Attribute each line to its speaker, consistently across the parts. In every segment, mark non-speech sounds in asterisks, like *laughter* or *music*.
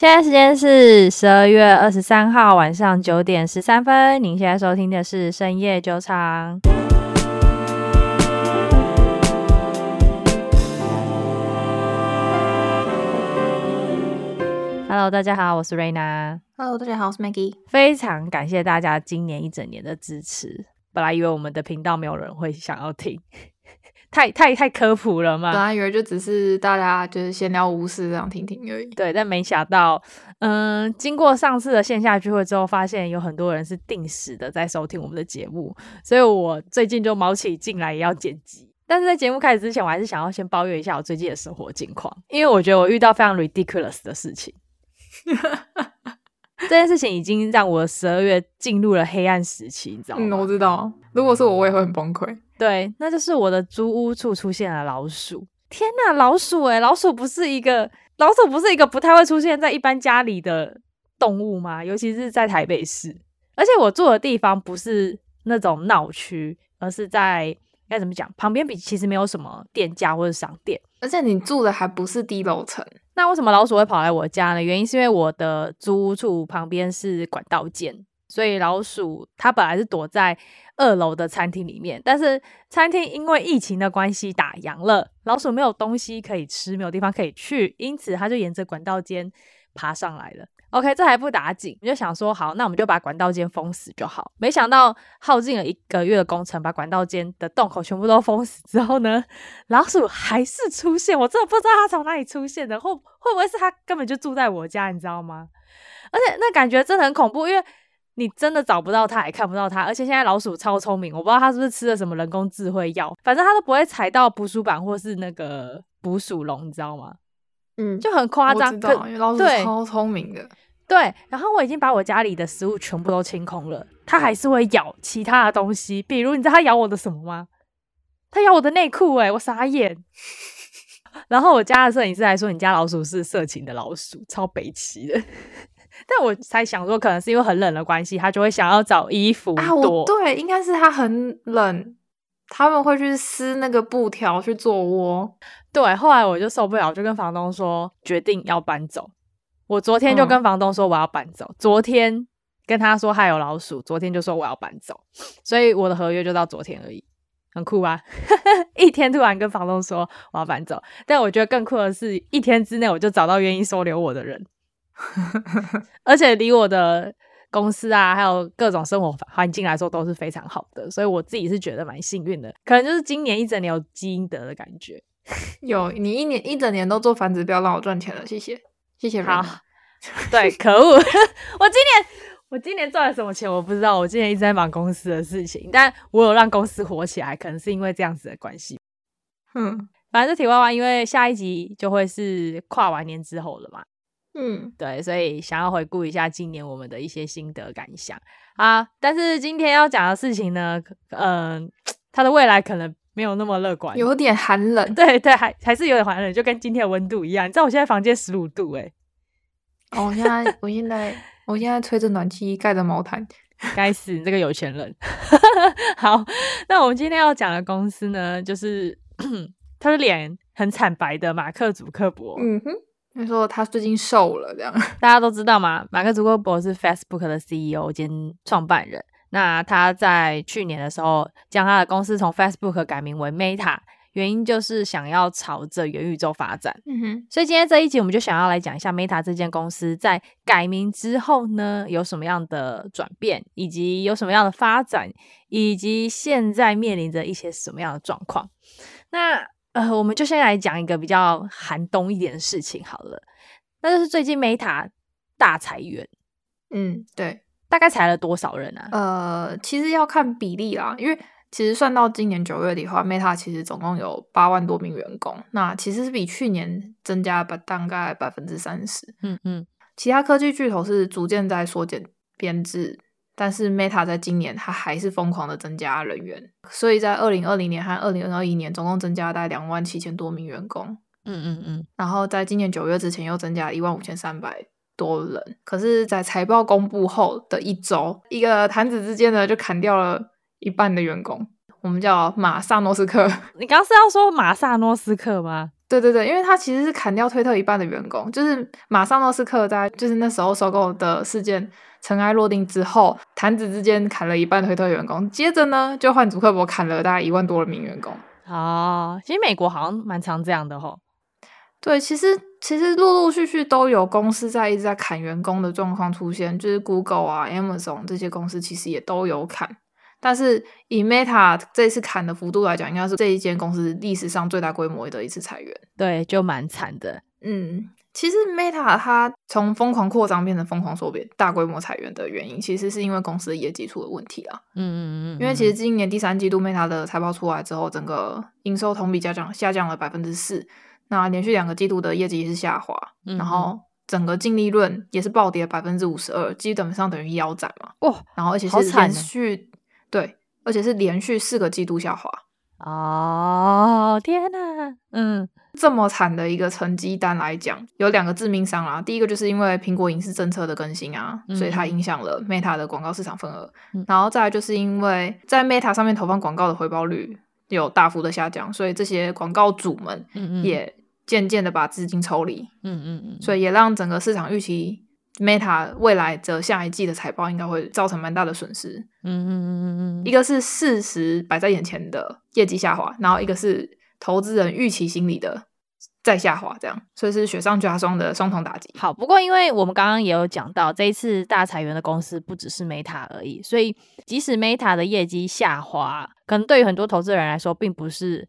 Speaker 1: 現在時間是十二月二十三號晚上九點十三分。您現在收聽的是深夜酒場。Hello，大家好，我是 Raina。Hello，大家好，我是 Maggie。非常感謝大家今年一整年的支持。本來以為我們的頻道沒有人會想要聽。太太太科普了嘛？本來以為就只是大家就是閒聊無事這樣聽聽而已。對，但沒想到，嗯、呃，經過上次的線下聚會之後，發現有很多人是定時的在收聽我們的節目，所以我最近就卯起勁來也要剪輯。但是在節目開始之前，我還是想要先抱怨一下我最近的生活境況，因為我覺得我遇到非常 ridiculous 的事情。 *laughs* 這件事情已經讓我十二月進入了黑暗時期，你知道嗎？嗯，我知道。如果是我，我也會很崩潰。對，那就是我的租屋處出現了老鼠。天哪，老鼠哎、欸，老鼠不是一個老鼠不是一個不太會出現在一般家裡的動物嗎？尤其是在台北市，而且我住的地方不是那種鬧區，而是在該怎麼講，旁邊比其實沒有什麼店家或者商店，而且你住的還不是低樓層。那為什麼老鼠會跑來我家呢？原因是因為我的租屋處旁邊是管道間。所以老鼠它本來是躲在二樓的餐廳裡面，但是餐廳因為疫情的關係打烊了，老鼠沒有東西可以吃，沒有地方可以去，因此它就沿着管道間爬上來了。OK，這還不打緊，我就想說好，那我們就把管道間封死就好。沒想到耗盡了一個月的工程，把管道間的洞口全部都封死之後呢，老鼠還是出現。我真的不知道它從哪裡出現的，會會不會是它根本就住在我家，你知道嗎？而且那感覺真的很恐怖，因為。你真的找不到它，也看不到它，而且現在老鼠超聰明，我不知道它是不是吃了什麼人工智慧藥，反正它都不會踩到捕鼠板或是那個捕鼠籠，你知道嗎？嗯，就很誇張，的可老鼠超聰明的對。對，然後我已經把我家裡的食物全部都清空了，它還是會咬其他的東西，比如你知道它咬我的什麼嗎？它咬我的內褲，誒，我傻眼。 *laughs* 然後我家的攝影師還說你家老鼠是色情的老鼠，超北七的。但我猜想說，可能是因為很冷的關係，他就會想要找衣服。啊，我對，應該是他很冷，他們會去撕那個布條去做窩。對，後來我就受不了，就跟房東說決定要搬走。我昨天就跟房東說我要搬走，嗯、昨天跟他說還有老鼠，昨天就說我要搬走，所以我的合約就到昨天而已，很酷吧？ *laughs* 一天突然跟房東說我要搬走，但我覺得更酷的是一天之內我就找到願意收留我的人。呵呵呵，而且離我的公司啊，還有各種生活環境來說，都是非常好的，所以我自己是覺得蠻幸運的。可能就是今年一整年有積陰德的感覺。有你一年一整年都做反指標，讓我賺錢了，謝謝 *laughs* 謝謝。好， *laughs* 對，可惡， *laughs* 我今年我今年賺了什麼錢我不知道，我今年一直在忙公司的事情，但我有讓公司火起來，可能是因為這樣子的關係。嗯，反正是題外話，因為下一集就會是跨完年之後了嘛。嗯，對，所以想要回顧一下今年我們的一些心得感想啊。但是今天要講的事情呢，嗯、呃，他的未來可能沒有那麼樂觀，有點寒冷。對對，還還是有點寒冷，就跟今天的溫度一樣。你知道我現在房間十五度哎、
Speaker 2: 欸。哦，我現在我現在我現在吹 *laughs* 着暖氣，蓋着毛毯。
Speaker 1: 該死，你這個有錢人。 *laughs* 好，那我們今天要講的公司呢，就是 *coughs* 他的臉很慘白的馬克·祖克柏。嗯哼。說他最近瘦了，這樣大家都知道嘛。馬克祖克柏是 Facebook 的 CEO 兼創辦人。那他在去年的時候，將他的公司從 Facebook 改名為 Meta，原因就是想要朝着元宇宙發展。嗯哼，所以今天這一集我們就想要來講一下 Meta 這間公司在改名之後呢，有什麼樣的轉變，以及有什麼樣的發展，以及現在面臨着一些什麼樣的狀況。那呃，我們就先來講一個比較寒冬一點的事情好了，那就是最近 Meta 大裁員。嗯，對，大概裁了多少人啊？呃，其實
Speaker 2: 要看比例啦，因為其實算到今年九月底的話，Meta 其實總共有八萬多名員工，那其實是比去年增加百大概百分之三十。嗯嗯，其他科技巨頭是逐漸在縮減編制。但是 Meta 在今年它還是瘋狂的增加人員，所以在二零二零年和二零二一年總共增加了大概兩萬七千多名員工。嗯嗯嗯。然後在今年九月之前又增加一萬五千三百多人。可是，在財報公布後的一周，一個彈指之間呢，就砍掉
Speaker 1: 了一半的員工。我們叫馬薩諾斯克。你剛剛是要說馬薩諾斯克嗎？
Speaker 2: 對對對，因為他其實是砍掉推特一半的員工，就是馬斯克在，就是那時候收購的事件塵埃落定之後，彈指之間砍了一半推特員工，接着呢就換祖克柏砍了大概一萬多名員工
Speaker 1: 啊、哦。其實美國好像蠻常這樣的吼、哦。
Speaker 2: 對，其實其實陸陸續續都有公司在一直在砍員工的狀況出現，就是 Google 啊、Amazon 這些公司其實也都有砍。但是以 Meta 這次砍的幅度來講，應該是這一間公司歷史上最大規模的一次裁員。
Speaker 1: 對，就蠻慘的。
Speaker 2: 嗯，其實 Meta 它從瘋狂擴張變成瘋狂縮編，大規模裁員的原因，其實是因為公司的業績出了問題啊。嗯，嗯嗯嗯。因為其實今年第三季度 Meta 的財報出來之後，整個營收同比下降下降了百分之四，那連續兩個季度的業績是下滑，嗯、哼然後整個淨利潤也是暴跌百分之五十二，基本上等於腰斬嘛。哦。然後而且是連續。對，而且是連續四個季度下滑，哦天吶！嗯，這麼慘的一個成績單來講，有兩個致命傷啊。第一個就是因為蘋果隱私政策的更新啊，嗯、所以它影響了 Meta 的廣告市場份額。嗯、然後再來就是因為在 Meta 上面投放廣告的回報率有大幅的下降，所以這些廣告主們也漸漸的把資金抽離。嗯嗯嗯，所以也讓整個市場預期。Meta 未來的下一季的財報應該會造成蠻大的損失。嗯嗯嗯嗯
Speaker 1: 嗯，
Speaker 2: 一個是事實擺在眼前的業績下滑，然後一個是投資人預期
Speaker 1: 心理的再下滑，這樣所以是雪上加霜的雙重打擊。好，不過因為我們剛剛也有講到，這一次大裁員的公司不只是 Meta 而已，所以即使 Meta 的業績下滑，可能對於很多投資人來說，並不是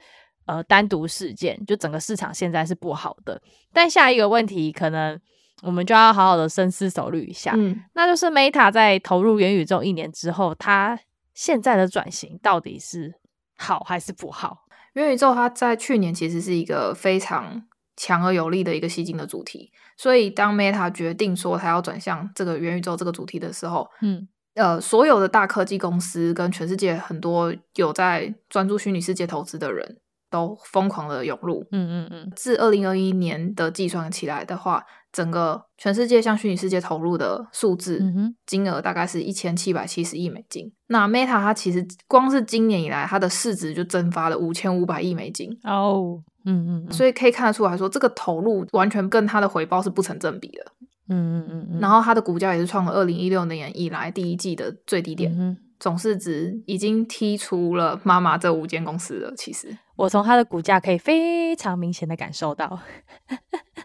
Speaker 1: 呃單獨事件，就整個市場現在是不好的。但下一個問題可能。我們就要好好的深思熟慮一下。嗯，那就是 Meta 在投入元宇宙一年之後，它現在的轉型到底是好還是不好？
Speaker 2: 元宇宙它在去年其實是一個非常強而有力的一個吸睛的主題，所以當 Meta 決定說它要轉向這個元宇宙這個主題的時候，嗯，呃，所有的大科技公司跟全世界很多有在專注虛擬世界投資的人都瘋狂的湧入。嗯嗯嗯，自二零二一年的計算起來的話。整個全世界向虛擬世界投入的數字金額大概是一千七百七十億美金。嗯、哼那 Meta 它其實光是今年以來它的市值就蒸發了五千五百億美金。哦，oh, 嗯，嗯嗯。所以可以看得出來說，這個投入完全跟它的回報是不成正比的。嗯嗯嗯。然後它的股價也是創了二零一六年以來第一季的最低點，嗯、哼總市值
Speaker 1: 已經踢出了媽媽這五間公司了。其實，我從它的股價可以非常明顯的感受到。 *laughs*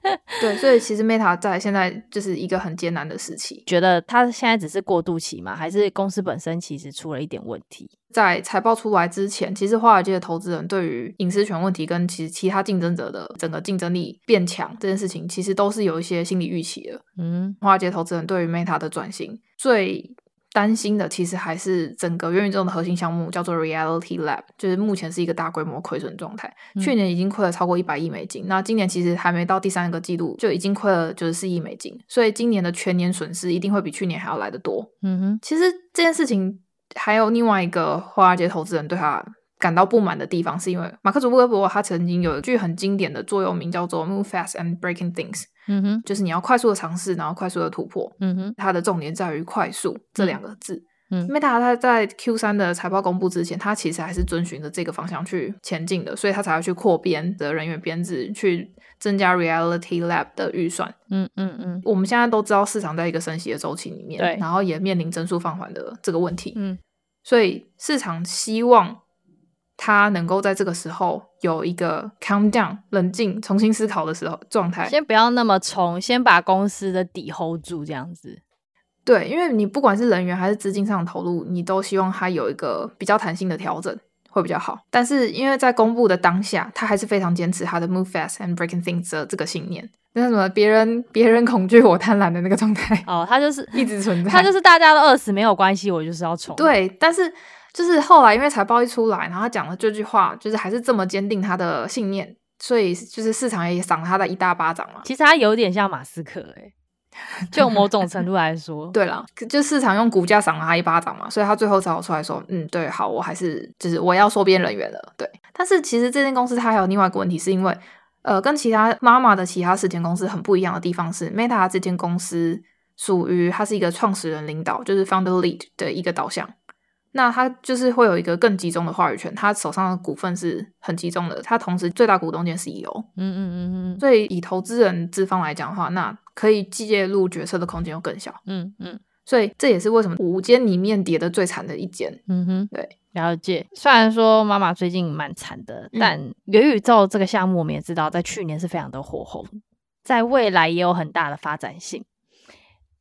Speaker 1: *laughs* 對，所以其實 Meta 在現在就是一個很艱難的時期。覺得它現在只是過渡期嗎？還是公司本身其實出了一點問
Speaker 2: 題？在財報出來之前，其實華爾街的投資人對於隱私權問題跟其實其他競爭者的整個競爭力變強這件事情，其實都是有一些心理預期的。嗯，華爾街的投資人對於 Meta 的轉型最擔心的其實還是整個元宇宙的核心項目，叫做 Reality Lab，就是目前是一個大規模虧損狀態。嗯、去年已經虧了超過一百億美金，那今年其實還沒到第三個季度就已經虧了就是四億美金，所以今年的全年損失一定會比去年還要來得多。嗯哼，其實這件事情還有另外一個華爾街投資人對他。感到不滿的地方，是因為馬克·扎克伯，他曾經有一句很經典的座右銘，叫做 “Move fast and breaking things”。嗯哼，就是你要快速的嘗試，然後快速的突破。嗯哼，他的重點在於“快速”這兩個字。嗯，嗯因 e 他在 Q 三的財報公布之前，他其實還是遵循着這個方向去前進的，所以他才要去擴編的人員編制，去增加 Reality Lab 的預算。嗯嗯嗯，嗯嗯我們現在都知道市場在一個升息的週期裡面，對然後也面臨增速放緩的這個問題。嗯，所以市場希望。他能夠在這個時候有一個 calm down 冷
Speaker 1: 靜重新思考的時候狀態，先不要那麼衝，先把公司的底 hold 住這樣子。
Speaker 2: 對，因為你不管是人員還是資金上的投入，你都希望他有一個比較彈性的調整會比較好。但是因為在公布的當下，他還是非常堅持他的 move fast and breaking things 的這個信念。那什麼，別人別人恐懼我貪婪的那個狀態。
Speaker 1: 哦，他就是一直存在。 *laughs* 他就是大家都餓死沒有關係，我就是要衝。
Speaker 2: 對，但是。就是後來因為財報一出來，然後他講了這句話，就是還是這麼堅定他的信念，所以就是市場也賞了他的一大巴掌嘛。其實他有點像馬斯克誒、欸、
Speaker 1: *laughs* 就某種
Speaker 2: 程度來說， *laughs* 對啦，就市場用股價賞了他一巴掌嘛，所以他最後找我出來說：“嗯，對，好，我還是就是我要縮減人員了。”對，但是其實這間公司它還有另外一個問題，是因為呃，跟其他媽媽的其他四間公司很不一樣的地方是，Meta 這間公司屬於它是一個創始人領導，就是 Founder Lead 的一個導向。那他就是會有一個更集中的話語權，他手上的股份是很集中的，他同時最大股東兼 CEO 嗯嗯嗯嗯，所以以投資人資方來講的話，那可以介入決策的
Speaker 1: 空間又更小。嗯嗯，所以這也是為什麼五間裡面跌的最慘的一間。嗯哼，對，了解。雖然說媽媽最近蠻慘的，嗯、但元宇宙這個項目我們也知道，在去年是非常的火紅，在未來也有很大的發展性。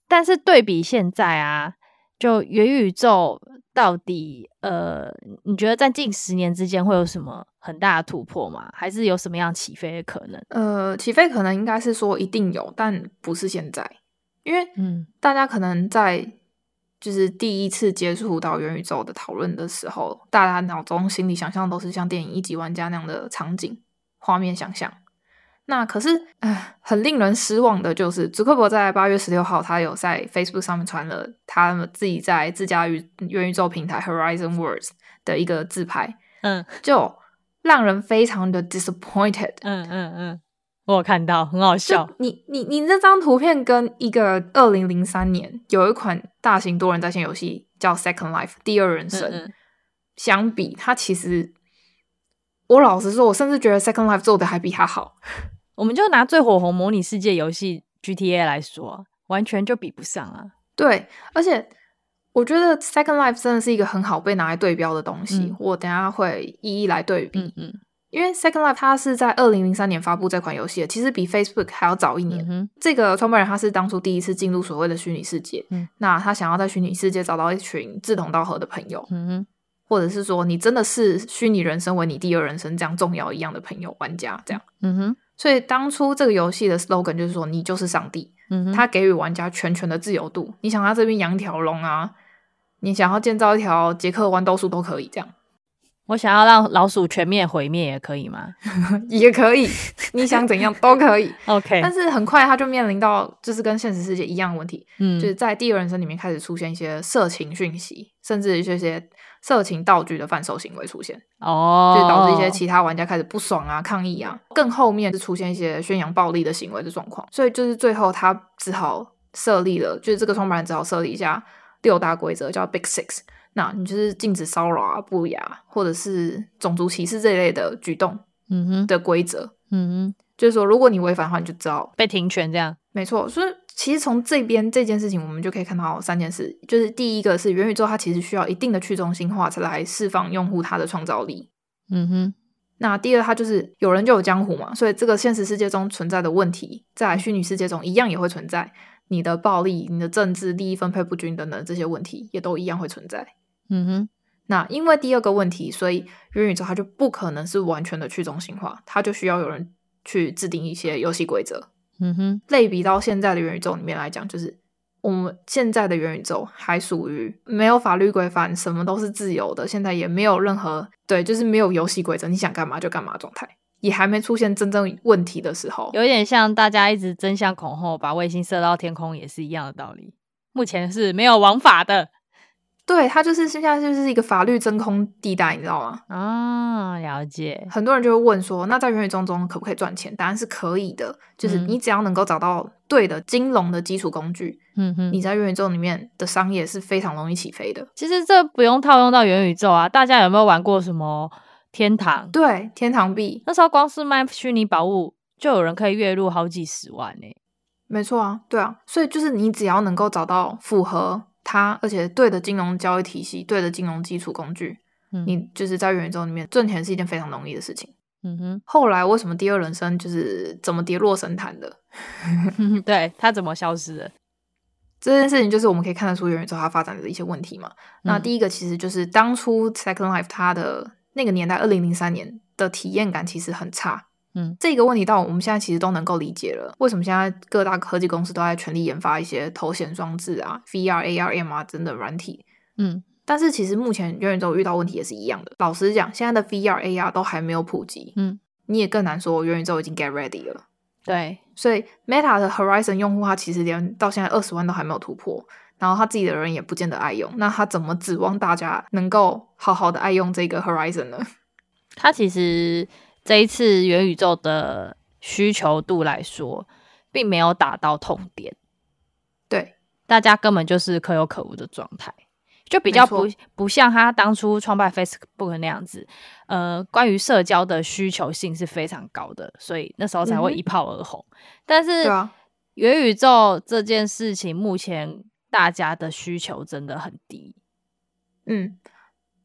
Speaker 1: 但是對比現在啊，就元宇宙。到底，呃，你覺得在近十年之間會有什麼很大的突破嗎？還是有什麼樣起飛的可能？
Speaker 2: 呃，起飛可能應該是說一定有，但不是現在，因為嗯，大家可能在就是第一次接觸到元宇宙的討論的時候，大家腦中心裡想象都是像電影《一級玩家》那樣的場景，畫面想象。那可是，呃，很令人失望的就是，祖克柏在八月十六號，他有在 Facebook 上面傳了他自己在自家與元宇宙平台 Horizon Worlds 的一個自拍，嗯，就讓人非常的 disappointed，嗯。
Speaker 1: 嗯嗯嗯，我有看到很好笑。
Speaker 2: 你你你這張圖片跟一個二零零三年有一款大型多人在線遊戲叫 Second Life 第二人生，嗯嗯，
Speaker 1: 相比，它其實，我老實說，我甚至覺得 Second Life 做的還比它好。我們就拿最火紅模擬世界遊戲 GTA 來說，完全就比不上啊。
Speaker 2: 對，而且我覺得 Second Life 真的是一個很好被拿來對標的東西。嗯。我等一下會一一來對比，嗯嗯。因為 Second Life 它是在二零零三年發布這款遊戲的，其實比 Facebook 還要早一年。嗯哼。這個創辦人他是當初第一次進入所謂的虛擬世界，嗯，那他想要在虛擬世界找到一群志同道合的朋友，嗯哼，或者是說你真的是虛擬人生為你第二人生這樣重要一樣的朋友玩家這樣，嗯哼。所以當初這個遊戲的 slogan 就是說：“你就是上帝。嗯哼”嗯，他給予玩家全權的自由度，你想在這邊養一條龍啊，你想要建造一條傑克豌豆樹
Speaker 1: 都可以，這樣。我想要讓老鼠全面毀滅也可以嗎？ *laughs* 也可以，你想怎樣都可以。 *laughs* OK，但是
Speaker 2: 很快他就面臨到就是跟現實世界一樣的問題，嗯，就是在第二人生裡面開始出現一些色情訊息，甚至一些色情道具的販售行為出現，
Speaker 1: 哦、oh，就是導致一些其
Speaker 2: 他玩家開始不爽啊、抗議啊。更後面是出現一些宣揚暴力的行為的狀況，所以就是最後他只好設立了，就是這個創辦人只好設立一下六大規則，叫 Big Six。那你就是禁止騷擾啊、不雅，或者是種族歧視這一類的舉動的嗯哼的規則。嗯哼，就是說，如果你違反的話，你就遭被停權這樣。沒錯，所以其實從這邊這件事情，我們就可以看到三件事，就是第一個是元宇宙它其實需要一定的去中心化才來釋放用戶它的創造力。嗯哼，那第二，它就是有人就有江湖嘛，所以這個現實世界中存在的問題，在虛擬世界中一樣也會存在，你的暴力、你的政治、利益分配不均等等這些問題，也都一樣會存在。嗯哼， *noise* 那因為第二個問題，所以元宇宙它就不可能是完全的去中心化，它就需要有人去制定一些遊戲規則。嗯哼， *noise* 類比到現在的元宇宙裡面來講，就是我們現在的元宇宙還屬於沒有法律規範，什麼都是自由的，現在也沒有任何，對，就是沒有遊戲規則，你想幹嘛就幹嘛的狀態，也還沒出現真
Speaker 1: 正問題的時候。有點像大家一直爭先恐後把衛星射到天空也是一樣的道理，目前是沒有王法的。對，它就是現在就是一個法律
Speaker 2: 真空地帶，你知道嗎？啊、哦，了解。很多人就會問說，那在元宇宙中可不可以賺錢？答案是可以的，就是你只要能夠找到對的金融的基礎工具，嗯哼，你在元宇宙裡面的商業是非常容易起飛的。
Speaker 1: 其實這不用套用到元宇宙啊，大家有沒有玩過什麼天堂？對，天堂幣。那時候光是賣虛擬寶物，就有人可以月入好幾十萬呢、欸。
Speaker 2: 沒錯啊，對啊，所以就是你只要能夠找到符合。它，而且對的金融交易體系，對的金融基礎工具，嗯、你就是在元宇宙裡面賺錢是一件非常容易的事情。嗯哼，後來為什麼第二人生就是怎麼跌落神壇的？嗯、哼 *laughs* 對，它怎麼消失的？這件事情就是我們可以看得出元宇宙它發展的一些問題嘛。嗯、那第一個其實就是當初 Second Life 它的那個年代，二零零三年的體驗感其實很差。嗯，這個問題到我們現在其實都能夠理解了，為什麼現在各大科技公司都在全力研發一些頭顯裝置啊，VR、AR、MR 等等軟體。嗯，但是其實目前元宇宙遇到問題也是一樣的。老實講，現在的 VR、AR 都還沒有普及。嗯，你也更難說元宇宙已經 get ready 了。對，所以 Meta 的 Horizon 用戶他其實連到現在二十萬都還沒有突破，然後他自己的人也不見得愛用，那他怎麼指望大家能夠
Speaker 1: 好好的愛用這個 Horizon 呢？他其實。這一次元宇宙的需求度來說，並沒有打到痛點，對，大家根本就是可有可無的狀態，就比較不，沒錯，不像他當初創辦 Facebook 那樣子，呃，關於社交的需求性是非常高的，所以那時候才會一炮而紅。嗯、但是、啊、元宇宙這件事情，目前大家的需求真的很低，嗯，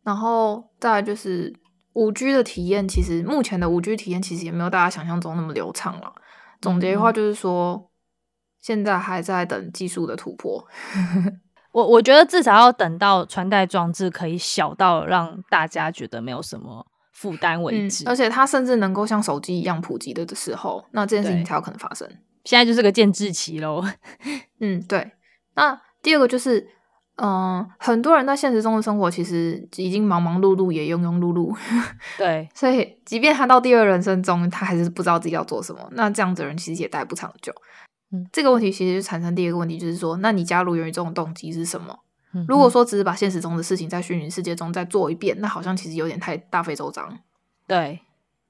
Speaker 1: 然
Speaker 2: 後再來就是。五 G 的體驗其實，目前的五 G 體驗其實也沒有大家想象
Speaker 1: 中那麼流暢了。總結的話就是說，嗯、現在還在等技術的突破。 *laughs* 我我覺得至少要等到穿戴裝置可以小到讓大家覺得沒有什麼負擔為止，嗯，而且它甚至能夠像手機一樣普及
Speaker 2: 的時候，那這件事情才有可能發生。現在就是個建制期嘍。 *laughs* 嗯，對。那第二個就是。嗯、呃，很多人在現實中的生活其實已經忙忙碌碌，也庸庸碌碌。 *laughs* 對，所以即便他到第二人生中，他還是不知道自己要做什麼。那這樣子的人其實也待不長久。嗯、這個問題其實就產生第二個問題，就是說，那你加入元宇宙的動機是什麼？嗯、哼如果說只是把現實中的事情在虛擬世界中再做一遍，那好像其實有點太大費周章。對，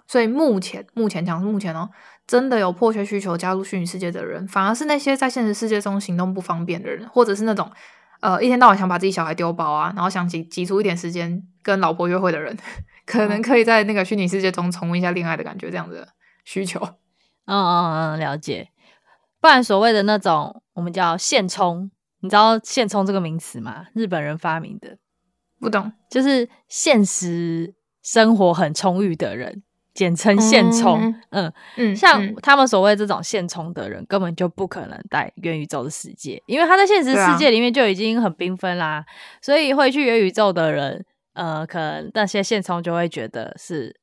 Speaker 2: 所以目前目前講是目前哦、喔，真的有迫切需求加入虛擬世界的人，反而是那些在現實世界中行動不方便的人，或者是那種。呃，一天到晚想把自己小孩丟包啊，然後想擠擠出一點時間
Speaker 1: 跟老婆約會的人，可能可以在那個虛擬世界中重溫一下戀愛的感覺，這樣子的需求。嗯嗯嗯，了解。不然所謂的那種我們叫現充，你知道現充這個名詞嗎？日本人發明的。不懂。嗯，就是現實生活很充裕的人。簡稱現充，嗯嗯，嗯像他們所謂這種現充的人，嗯、根本就不可能在元宇宙的世界，因為他在現實世界裡面就已經很繽紛啦，啊、所以會去元宇宙的人，呃，可能那些現充就會覺得是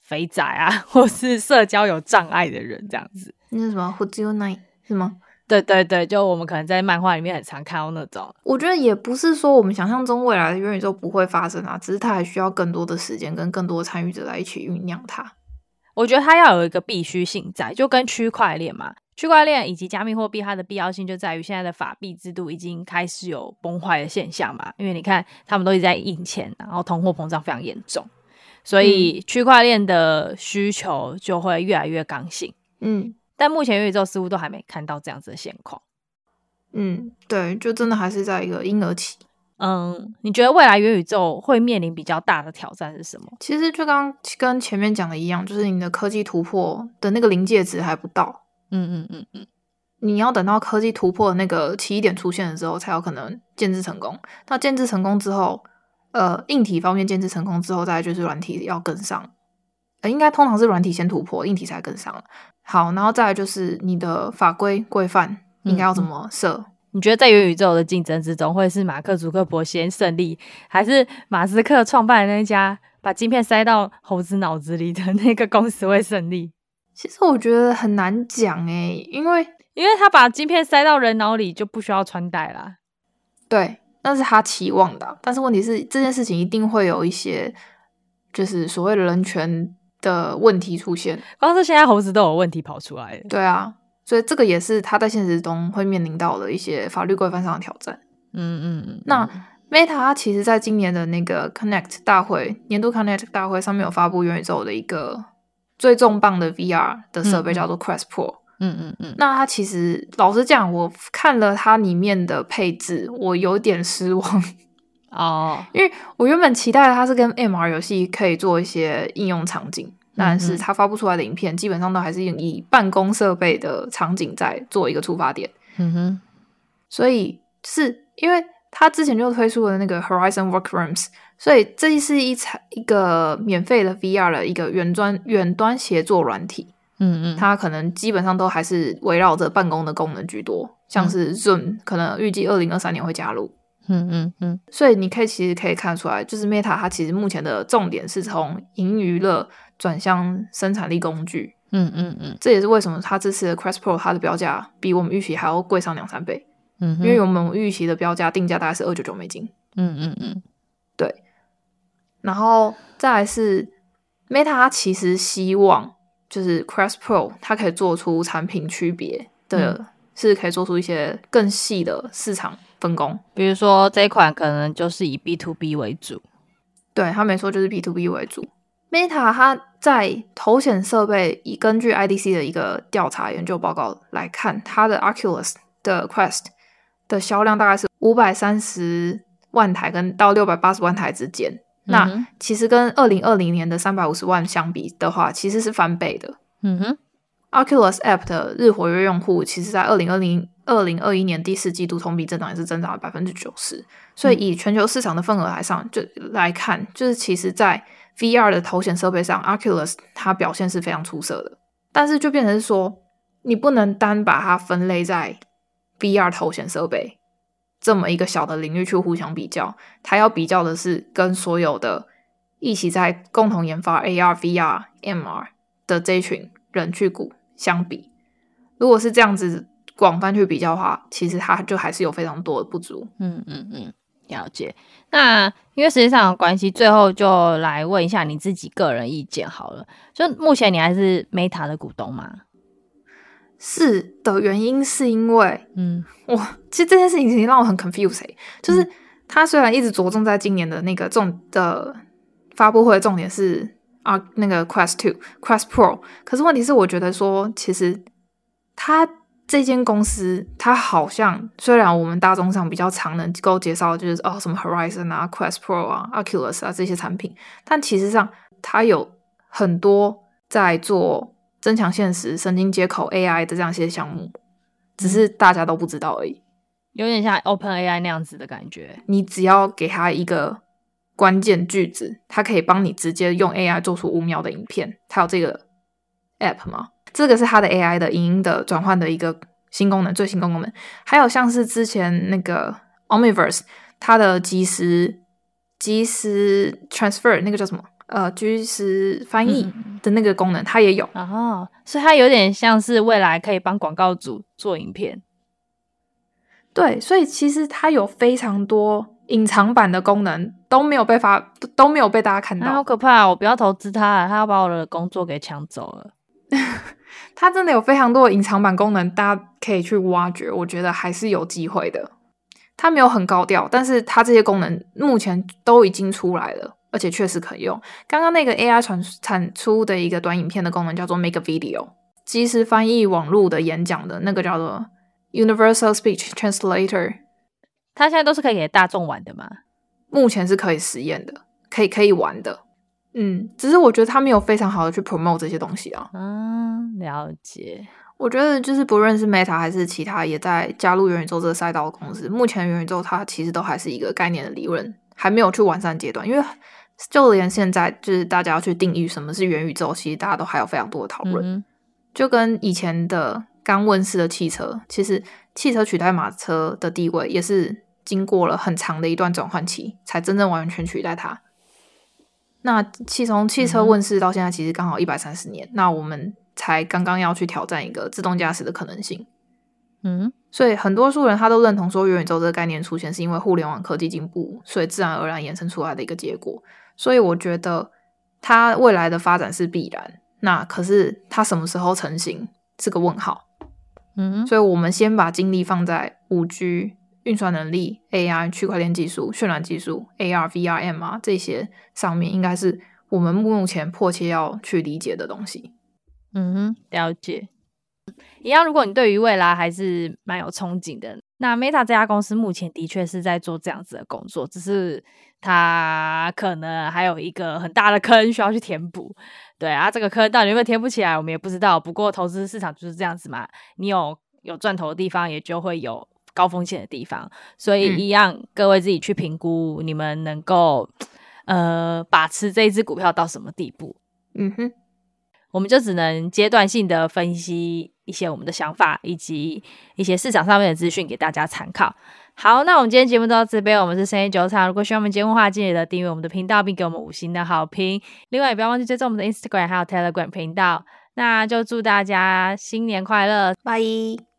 Speaker 1: 肥仔啊，或是社交有障礙的人這樣子。那是什麼？h o o u r Night 是嗎？對對對，就我們可能在漫畫裡面很常看到那種。
Speaker 2: 我覺得也不是說我們想象中未來的元宇宙不會發生啊，只是它
Speaker 1: 還需要更多的時間跟更多的參與者在一
Speaker 2: 起醞釀它。
Speaker 1: 我覺得它要有一個必須性在，就跟區塊鏈嘛，區塊鏈以及加密貨幣它的必要性就在於現在的法幣制度已經開始有崩壞的現象嘛，因為你看他們都一直在印錢，然後通貨膨脹非常嚴重，所以區塊鏈的需求就會越來越剛性。嗯。嗯但目前元宇宙似乎都還沒看到這樣子的現況，嗯，對，就真的還是在一個嬰兒期。嗯，你覺得未來元宇宙會面臨比較大的挑戰是什麼？
Speaker 2: 其實就剛跟前面講的一樣，就是你的科技突破的那個臨界值還不到。嗯
Speaker 1: 嗯
Speaker 2: 嗯嗯，你要等到科技突破的那個起點出現的時候，才有可能建置成功。那建置成功之後，呃，硬體方面建置成功之後，再就是軟體要跟上。呃、欸，應該通常是軟體先突破，硬體才跟上
Speaker 1: 了。好，然後再來就是你的法規規範應該要怎麼設。嗯嗯，你覺得在元宇宙的競爭之中，會是馬克·祖克柏先勝利，還是馬斯克創辦的那家把晶片塞到猴子腦子裡的那個公司會勝利？其實我覺得很難講誒、欸、因為因為他把晶片塞到人腦裡就不需要穿戴了。
Speaker 2: 對，那是他期望的，但是問題是這件事情一定會有一些，就是所謂的人權的問題出現，光是現在猴子
Speaker 1: 都有問題跑出來，對
Speaker 2: 啊，所以這個也是他在現實中會面臨到的一些法律規範上的挑戰。嗯嗯
Speaker 1: 嗯。嗯
Speaker 2: 嗯那 Meta 它其實在今年的那個 Connect 大會，年度 Connect 大會上面有發布元宇宙的一個最重磅的 VR 的設備，嗯嗯、叫做 Quest Pro。嗯嗯嗯。嗯嗯嗯那它其實老實講，我看了它裡面的配置，我有點失望。哦，oh. 因為我原本期待它是跟 MR 遊戲可以做一些應用場景，嗯嗯，但是它發佈出來的影片基本上都還是以辦公設備的場景在做一個出發點。嗯哼，所以是因為它之前就推出了那個 Horizon Workrooms，所以這是一場一個免費的 VR 的一個遠端遠端協作軟體。嗯嗯，它可能基本上都還是圍繞着辦公的功能居多，像是 Zoom、嗯、可能預計二零二三年會加入。嗯嗯嗯， *noise* 所以你可以其實可以看出來，就是 Meta 它其實目前的重點是從贏娛樂轉向生產力工具。嗯嗯嗯，這也是為什麼它這次的 Quest Pro 它的標價比我們預期還要貴上兩三倍。嗯，因為我們預期的標價定價大概是二九九美金。嗯嗯嗯，對。然後再來是 Meta 它其實希望就是 Quest Pro 它可以做出產品區別的，是可以做出一些更細的市場。
Speaker 1: 分工，比如說這一款可能就是以 B to B 為主，對
Speaker 2: 他沒錯，就是 B to B 為主。Meta 它在頭顯設備，以根據 IDC 的一個調查研究報告來看，它的 Oculus 的 Quest 的銷量大概是五百三十萬台跟到六百八十萬台之間。嗯哼，那其實跟二零二零年的三百五十萬相比的話，其實是翻倍的。嗯哼 Oculus App 的日活躍用戶，其實在二零二零。二零二一年第四季度同比增長也是增長了百分之九十，所以以全球市場的份額來上就來看，就是其實在 VR 的頭顯設備上，Oculus 它表現是非常出色的。但是就變成是說，你不能單把它分類在 VR 頭顯設備這麼一個小的領域去互相比較，它要比較的是跟所有的一起在共同研發 AR、VR、MR 的這一群人去股相比。如果是這樣子。廣泛去比較的話，其實它就還是有
Speaker 1: 非常多的不足。嗯嗯嗯，了解。那因為時間上的關係，最後就來問一下你自己個人意見好了。就目前你還是 Meta 的股東嗎？
Speaker 2: 是的。原因是因為，嗯，哇，其實這件事情已經讓我很 confused、欸、就是、嗯、它雖然一直着重在今年的那個重的發布會的重點是啊那個 Quest Two、Quest Pro，可是問題是我覺得說其實它。這間公司，它好像雖然我們大眾上比較常能夠介紹的就是哦什麼 Horizon 啊、Quest Pro 啊、Oculus 啊這些產品，但其實上它有很多在做增強現實、神經接口、AI 的這樣一些項目，只是大家都不知道而已。
Speaker 1: 有點像 OpenAI 那樣子的感覺，
Speaker 2: 你只要給它一個關鍵句子，它可以幫你直接用 AI 做出五秒的影片。它有這個 App 嗎？這個是它的 AI 的影音的轉換的一個新功能，最新功能還有像是之前那個 Omniverse，它的即時即時 transfer 那個叫什麼？呃，即時翻譯的那個功能、嗯、它也有啊、哦，
Speaker 1: 所以它有點像是未來可以幫廣告主做影片。
Speaker 2: 對，所以其實它有非常多隱藏版的功能都沒有被發都，都沒有
Speaker 1: 被大家看到、啊。好可怕，我不要投資它了，它要把我的工作給搶
Speaker 2: 走了。 *laughs* 它真的有非常多的隱藏版功能，大家可以去挖掘。我覺得還是有機會的。它沒有很高調，但是它這些功能目前都已經出來了，而且確實可以用。剛剛那個 AI 產產出的一個短影片的功能叫做 Make a Video，即時翻譯網絡的演講的那個叫做 Universal Speech Translator。
Speaker 1: 它現在都是可以給大眾玩的嗎？
Speaker 2: 目前是可以實驗的，可以可以玩的。嗯，只是我覺得他沒有非常好的去 promote 這些東西啊。嗯、啊，了解。我覺得就是，不論是 Meta 還是其他也在加入元宇宙這個賽道的公司，目前元宇宙它其實都還是一個概念的理論，還沒有去完善階段。因為就連現在，就是大家要去定義什麼是元宇宙，其實大家都還有非常多的討論。嗯嗯，就跟以前的剛問世的汽車，其實汽車取代馬車的地位，也是經過了很長的一段轉換期，才真正完全取代它。那汽從汽車問世到現在，其實剛好一百三十年。嗯、那我們才剛剛要去挑戰一個自動駕駛的可能性。嗯，所以大多數人他都認同說，元宇宙這個概念出現是因為互聯網科技進步，所以自然而然延伸出來的一個結果。所以我覺得它未來的發展是必然。那可是它什麼時候成型是個問號？嗯，所以我們先把精力放在五 G。運算能力、AI、區塊鏈技術、渲染技術、AR、VR、MR 啊，這些上面應該是我們目前迫切要去理解的東西。嗯
Speaker 1: 哼，了解。一樣，如果你對於未來還是蠻有憧憬的，那 Meta 這家公司目前的確是在做這樣子的工作，只是它可能還有一個很大的坑需要去填補。對啊，這個坑到底有沒有填補起來，我們也不知道。不過投資市場就是這樣子嘛，你有有賺頭的地方，也就會有。高風險的地方，所以一樣，嗯、各位自己去評估你們能夠呃把持這一支股票到什麼地步。嗯哼，我們就只能階段性的分析一些我們的想法以及一些市場上面的資訊給大家參考。好，那我們今天節目到這邊，我們是深夜酒廠。如果喜歡我們節目的話，記得訂閱我們的頻道並給我們五星的好評。另外，也不要忘記追蹤我們的 Instagram 還有 Telegram 頻道。那就祝大家新年快樂，拜！